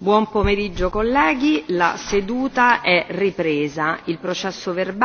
buon pomeriggio colleghi la seduta è ripresa. il processo verbale